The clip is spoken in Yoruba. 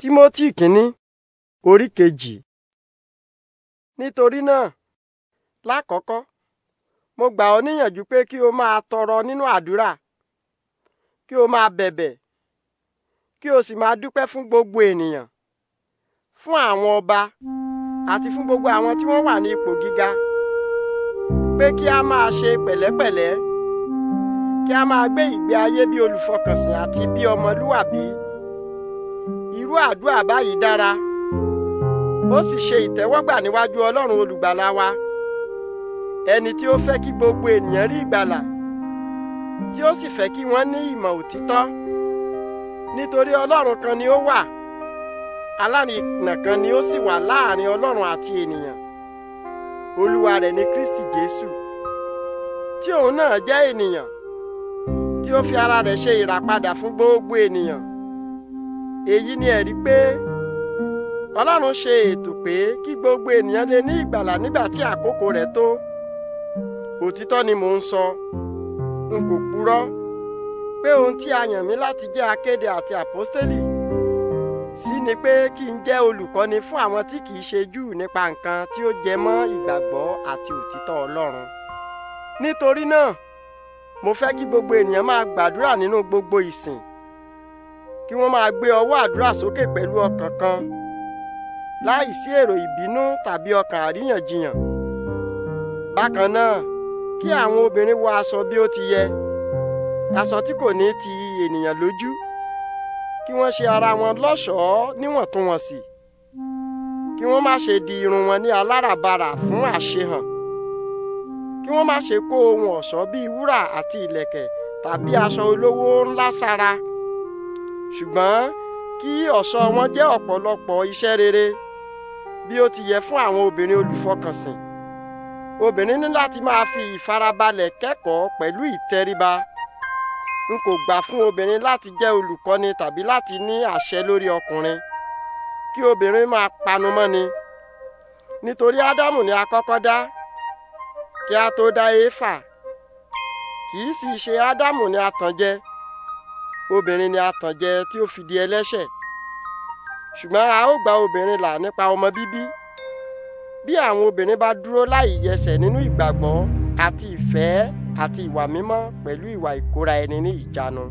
Tímótì kínní orí kejì. Nítorí náà, lákọ̀ọ́kọ́, mo gbà ọ́ níyànjú pé kí o máa tọrọ nínú àdúrà, kí o máa bẹ̀bẹ̀, kí o sì máa dúpẹ́ fún gbogbo ènìyàn, fún àwọn ọba àti fún gbogbo àwọn tí wọ́n wà ní ipò gíga, pé kí a máa ṣe pẹ̀lẹ́pẹ̀lẹ́, kí a máa gbé ìgbé ayé bí olùfọkànsìn àti bí ọmọlúwàbí. irú àdúrà báyìí dára ó sì ṣe ìtẹ́wọ́gbà níwájú Ọlọ́run olùgbàlà wa ẹni tí ó fẹ́ kí gbogbo ènìyàn rí ìgbàlà tí ó sì fẹ́ kí wọ́n ní ìmọ̀ òtítọ́ nítorí Ọlọ́run kan ni ó wà alárìnà kan ni ó sì wà láàrin Ọlọ́run àti ènìyàn olúwa rẹ̀ ni Kristi Jésù tí òun náà jẹ́ ènìyàn tí ó fi ara rẹ̀ ṣe ìràpadà fún gbogbo ènìyàn. èyí ni ẹ̀rí pé ọlọ́run ṣe ètò pé kí gbogbo ènìyàn lè ní ìgbàlà nígbà tí àkókò rẹ̀ tó òtítọ́ ni mò ń sọ n kò purọ́ pé ohun tí a yàn mí láti jẹ́ akéde àti àpọ́stélì sí ni pé kí n jẹ́ olùkọ́ni fún àwọn tí kìí ṣe Júù nípa nǹkan tí ó jẹ mọ́ ìgbàgbọ́ àti òtítọ́ ọlọ́run nítorí náà mo fẹ́ kí gbogbo ènìyàn máa gbàdúrà nínú gbogbo ìsìn kí wọ́n máa gbé ọwọ́ àdúrà sókè pẹ̀lú ọkàn kan láì sí èrò ìbínú tàbí ọkàn àríyànjiyàn bákan náà kí àwọn obìnrin wọ aṣọ bí ó ti yẹ aṣọ tí kò ní ti ènìyàn lójú kí wọ́n ṣe ara wọn lọ́ṣọ̀ọ́ níwọ̀ntúnwọ̀nsì kí wọ́n má ṣe di irun wọn ní aláràbarà fún àṣehàn kí wọ́n má ṣe kó ohun ọ̀ṣọ́ bíi wúrà àti ìlẹ̀kẹ̀ tàbí aṣọ olówó ńlá sára ṣùgbọ́n kí ọ̀ṣọ́ wọn jẹ́ ọ̀pọ̀lọpọ̀ iṣẹ́ rere bí ó ti yẹ fún àwọn obìnrin olùfọkànsìn obìnrin ní láti máa fi ìfarabalẹ̀ kẹ́kọ̀ọ́ pẹ̀lú ìtẹríba n kò gbà fún obìnrin láti jẹ́ olùkọ́ni tàbí láti ní àṣẹ lórí ọkùnrin kí obìnrin máa panu nítorí ádámù ni a dá kí a tó dá éfà kì í sì ṣe ádámù ni a tàn jẹ obìnrin ni àtànjẹ tí ó fi di ẹlẹ́ṣẹ̀ ṣùgbọ́n a ó gba obìnrin là nípa ọmọ bíbí bí àwọn obìnrin bá dúró láì yẹsẹ̀ nínú ìgbàgbọ́ àti ìfẹ́ àti ìwà mímọ́ pẹ̀lú ìwà ìkóra ẹni ní ìjánu.